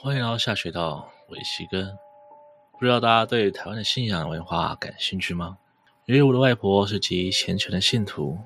歡迎來到下水道，我是西哥。不知道大家對台灣的信仰文化感興趣嗎？由於我的外婆是極虔誠的信徒，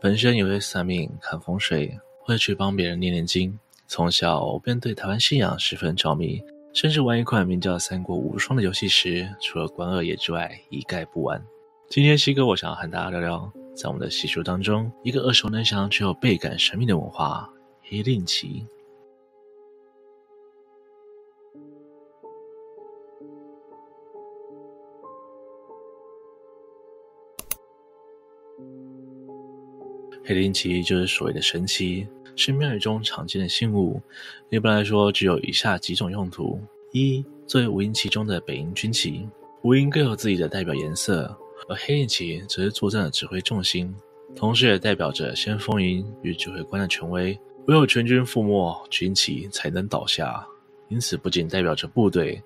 本身有些算命、看風水，會去幫別人念念經。從小我便對台灣信仰十分着迷，甚至玩一款名叫《三國無雙》的遊戲時，除了關二爺之外，一概不玩。今天西哥，我想要和大家聊聊，在我們的習俗當中，一個耳熟能詳卻又倍感神秘的文化——黑令旗黑令旗就是所謂的神旗，是廟宇中常見的信物。一般來說，具有以下幾種用途：一、作為五營旗中的北營軍旗，五營各有自己的代表顏色，而黑令旗則是作戰的指揮重心，同時也代表着先鋒營與指揮官的權威。唯有全軍覆沒，軍旗才能倒下，因此不僅代表着部隊，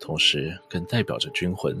同時更代表着軍魂。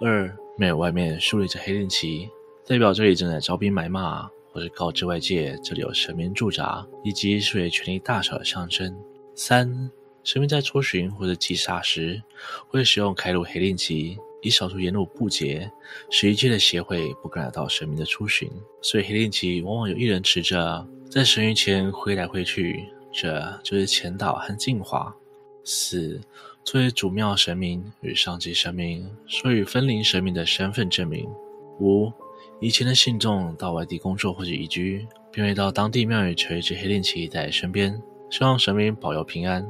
二、廟宇外面豎立着黑令旗，代表這裡正在招兵買馬。或是告知外界這裡有神明駐扎，以及作為權力大小的象徵。三，神明在出巡或者擊殺時，會使用開路黑令旗，以掃除沿路不潔，使一切的邪穢不干擾到神明的出巡。所以黑令旗往往有一人持着，在神域前揮來揮去，這就是前導和淨化。四，作為主廟神明與上級神明，授予分靈神明的身份證明。五。以前的信眾到外地工作或者移居，便會到當地廟宇求一隻黑令旗在身邊，希望神明保佑平安。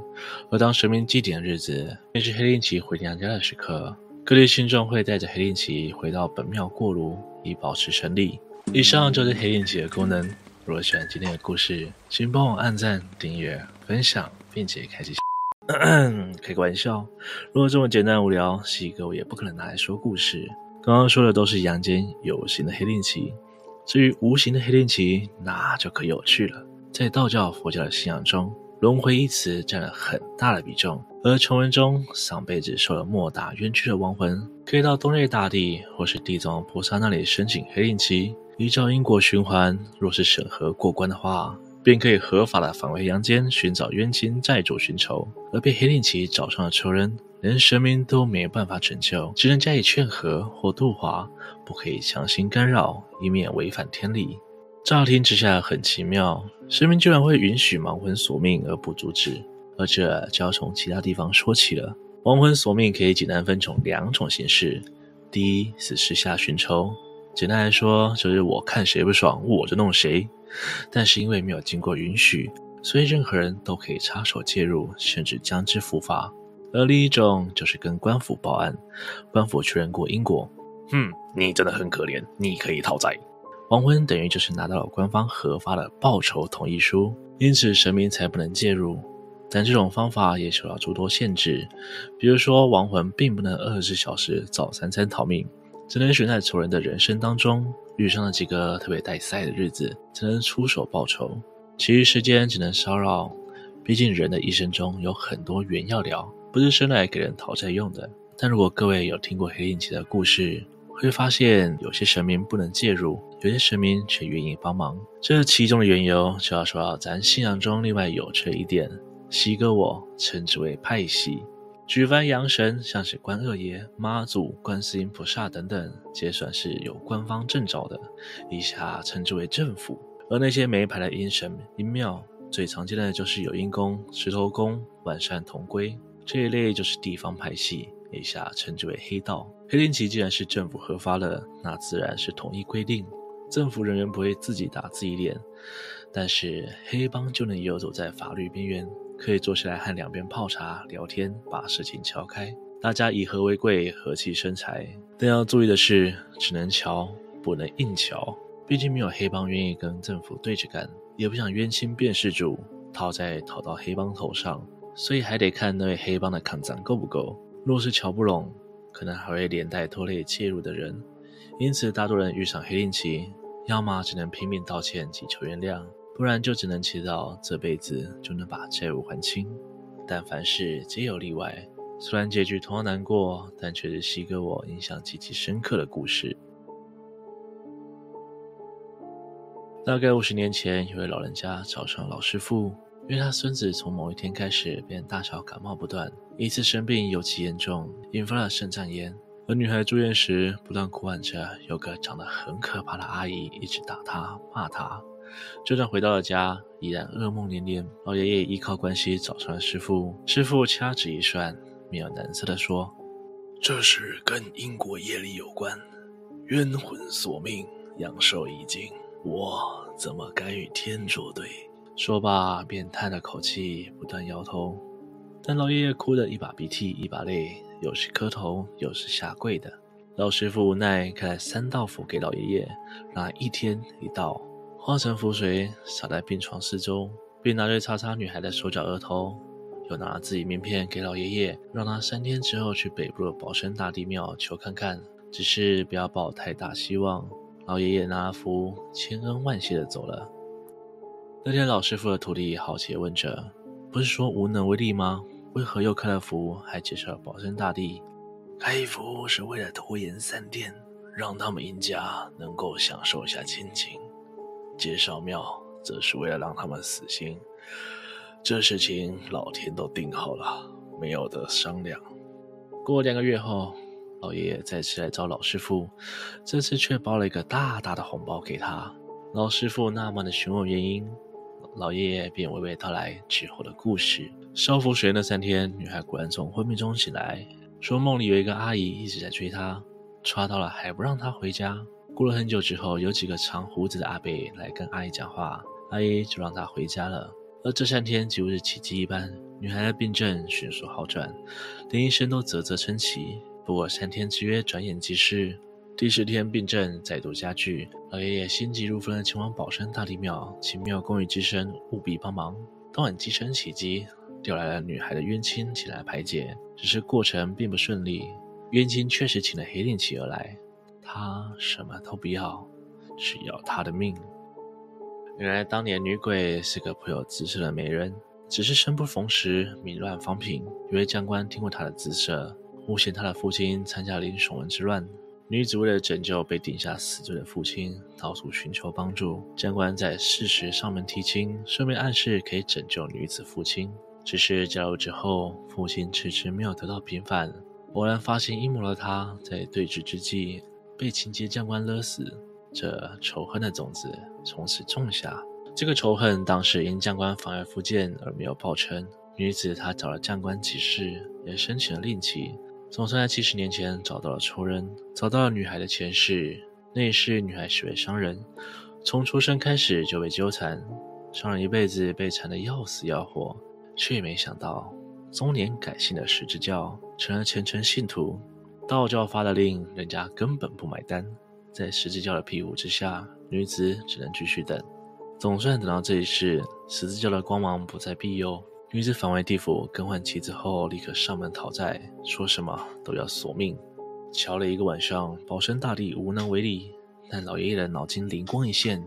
而當神明祭典的日子，便是黑令旗回娘家的時刻。各地信眾會帶着黑令旗回到本廟過爐，以保持神力。以上就是黑令旗的功能。如果喜歡今天的故事，請幫我按讚、訂閱、分享，並且開啟咳咳。開個玩笑，如果這麼簡單無聊，西哥我也不可能拿來說故事。剛剛說的都是陽間有形的黑令旗，至於無形的黑令旗，那就可有趣了。在道教、佛教的信仰中，“輪迴”一詞佔了很大的比重。而傳聞中，上輩子受了莫大冤屈的亡魂，可以到東嶽大帝或是地藏菩薩那裡申請黑令旗，依照因果循環，若是審核過關的話，便可以合法的返回陽間，尋找冤親債主尋仇。而被黑令旗找上的仇人，連神明都沒有辦法拯救，只能加以勸和或度化，不可以強行干擾，以免違反天理。乍聽之下很奇妙，神明居然會允許亡魂索命而不阻止，而這就要從其他地方說起了。亡魂索命可以簡單分成兩種形式：第一是私下尋仇，簡單來說就是我看誰不爽，我就弄誰；但是因為沒有經過允許，所以任何人都可以插手介入，甚至將之伏法。而另一種就是跟官府報案，官府確認過因果。哼、嗯，你真的很可憐，你可以討債。亡魂等於就是拿到了官方核發的報仇同意書，因此神明才不能介入。但這種方法也受到諸多限制，比如說亡魂並不能二十四小時早三餐逃命，只能選在仇人的人生當中遇上了幾個特別帶賽的日子才能出手報仇，其餘時間只能騷擾。畢竟人的一生中有很多緣要聊。不是生來給人討債用的。但如果各位有聽過黑令旗的故事，會發現有些神明不能介入，有些神明卻願意幫忙。這其中的緣由，就要說到咱信仰中另外有趣一點——西哥我稱之為派系。舉凡陽神，像是關二爺、媽祖、觀世音菩薩等等，皆算是有官方證照的，以下稱之為政府；而那些沒牌的陰神、陰廟，最常見的就是有應公、石頭公、萬善同歸。這一類就是地方派系，以下稱之為黑道。黑令旗既然是政府核發的，那自然是統一規定，政府仍然不會自己打自己臉。但是黑幫就能游走在法律邊緣，可以坐下來和兩邊泡茶聊天，把事情敲開。大家以和為貴，和氣生財。但要注意的是，只能喬，不能硬喬。畢竟沒有黑幫願意跟政府對着幹，也不想冤親變事主，討債討到黑幫頭上。所以還得看那位黑幫的抗爭夠不夠。若是喬不攏，可能還會連帶拖累介入的人。因此，大多人遇上黑令旗，要麼只能拼命道歉祈求原諒，不然就只能祈禱這輩子就能把債務還清。但凡事皆有例外，雖然結局同樣難過，但卻是西哥我印象極其深刻的故事。大概五十年前，有一位老人家找上老師傅。因為他孫子從某一天開始便大小感冒不斷，一次生病尤其嚴重，引發了腎臟炎。而女孩住院時不斷哭喊着，有個長得很可怕的阿姨一直打她、罵她。就算回到了家，依然噩夢連連。老爺爺依靠關係找上了師傅，師傅掐指一算，面有難色地說：“這是跟因果業力有關，冤魂索命，陽壽已盡。我怎麼敢與天作對？”說罷，便嘆了口氣，不斷搖頭。但老爺爺哭得一把鼻涕一把淚，有時磕頭，有時下跪的。老師傅無奈，開了三道符給老爺爺，讓他一天一道，化成符水灑在病床四周，並拿着擦擦女孩的手腳額頭，又拿自己名片給老爺爺，讓他三天之後去北部的保生大帝廟求看看，只是不要抱太大希望。老爺爺拿符，千恩萬謝的走了。那天，老師傅的徒弟好奇問着：“不是說無能為力嗎？為何又開了符，還介紹保生大帝？開符是為了拖延三天，讓他們一家能夠享受一下親情；介紹廟，則是為了讓他們死心。這事情老天都定好了，沒有得商量。”過兩個月後，老爺爺再次來找老師傅，這次卻包了一個大大的紅包給他。老師傅納悶的詢問原因。老爺爺便娓娓道來之後的故事。燒符水那三天，女孩果然從昏迷中醒來，說夢裡有一個阿姨一直在追她，抓到了還不讓她回家。過了很久之後，有幾個長鬍子的阿伯來跟阿姨講話，阿姨就讓她回家了。而這三天幾乎是奇蹟一般，女孩的病症迅速好轉，連醫生都嘖嘖稱奇。不過三天之約轉眼即逝。第十天，病症再度加劇，老爺爺心急如焚地前往寶山大帝廟，請廟公與乩身務必幫忙。當晚，乩身起乩，調來了女孩的冤親前來排解，只是過程並不順利。冤親確實請了黑令旗而來，他什麼都不要，只要他的命。原來當年女鬼是個頗有姿色的美人，只是生不逢時，民亂方平。有位將官聽過她的姿色，誣陷她的父親參加林爽文之亂。女子為了拯救被定下死罪的父親，到處尋求幫助。將官在適時上門提親，順便暗示可以拯救女子父親。只是加入之後，父親遲遲沒有得到平反。偶然發現陰謀的他，在對峙之際被情敵將官勒死。這仇恨的種子從此種下。這個仇恨當時因將官妨礙復建而沒有報稱。女子她找了將官起誓，也申請了令旗。總算在七十年前找到了仇人，找到了女孩的前世。那一世女孩是位商人，從出生開始就被糾纏。商人一輩子被纏得要死要活，卻沒想到中年改信的十字教，成了虔誠信徒。道教發的令，人家根本不買單。在十字教的庇護之下，女子只能繼續等。總算等到這一世，十字教的光芒不再庇佑。女子返回地府更換旗子後，立刻上門討債，說什麼都要索命。瞧了一個晚上，保生大帝無能為力。但老爺爺的腦筋靈光一現，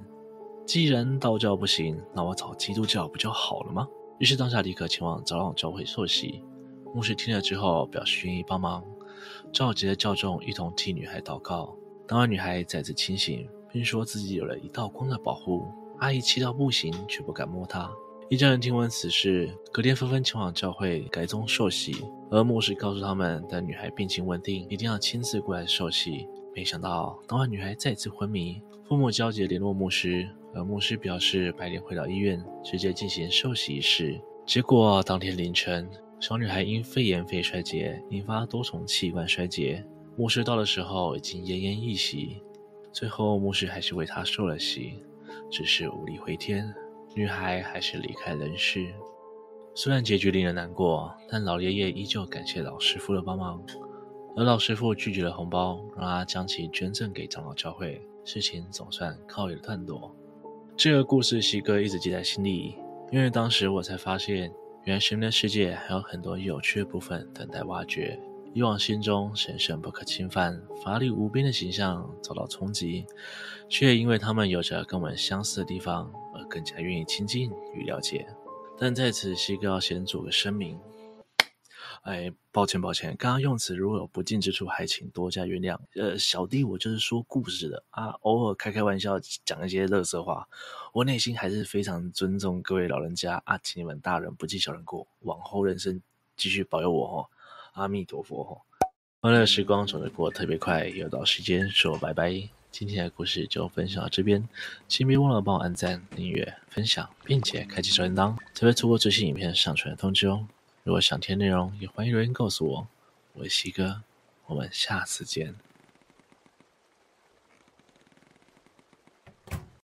既然道教不行，那我找基督教不就好了嗎？於是當下立刻前往長老教會受洗。牧師聽了之後，表示願意幫忙，召集了教眾一同替女孩禱告。當晚，女孩再次清醒，並說自己有了一道光的保護。阿姨氣到不行，卻不敢摸她。一家人聽聞此事，隔天紛紛前往教會改宗受洗，而牧師告訴他們，等女孩病情穩定，一定要親自過來受洗。沒想到當晚女孩再次昏迷，父母焦急聯絡牧師，而牧師表示白天回到醫院，直接進行受洗儀式。結果當天凌晨，小女孩因肺炎肺衰竭引發多重器官衰竭，牧師到的時候已經奄奄一息。最後，牧師還是為她受了洗，只是無力回天。女孩還是離開人世，雖然結局令人難過，但老爺爺依舊感謝老師傅的幫忙，而老師傅拒絕了紅包，讓他將其捐贈給長老教會。事情總算告一段落。這個故事西哥一直記在心裡，因為當時我才發現，原來神的世界還有很多有趣的部分等待挖掘。以往心中神聖不可侵犯、法力無邊的形象遭到衝擊，卻因為他們有着跟我們相似的地方。更加願意親近與了解，但在此，希哥要先做個聲明。哎，抱歉，抱歉，剛剛用詞如果有不敬之處，還請多加原諒。呃，小弟我就是說故事的啊，偶爾開開玩笑，講一些垃圾話，我內心還是非常尊重各位老人家啊，請你們大人不計小人過，往後人生繼續保佑我哈，阿彌陀佛哈。歡樂時光總是過得特別快，又到時間說拜拜。今天的故事就分享到這邊，請別忘了幫我按讚、訂閱、分享，並且開啟小鈴鐺，才不會錯過最新影片上傳的通知哦。如果想聽內容，也歡迎留言告訴我。我是西哥，我們下次見。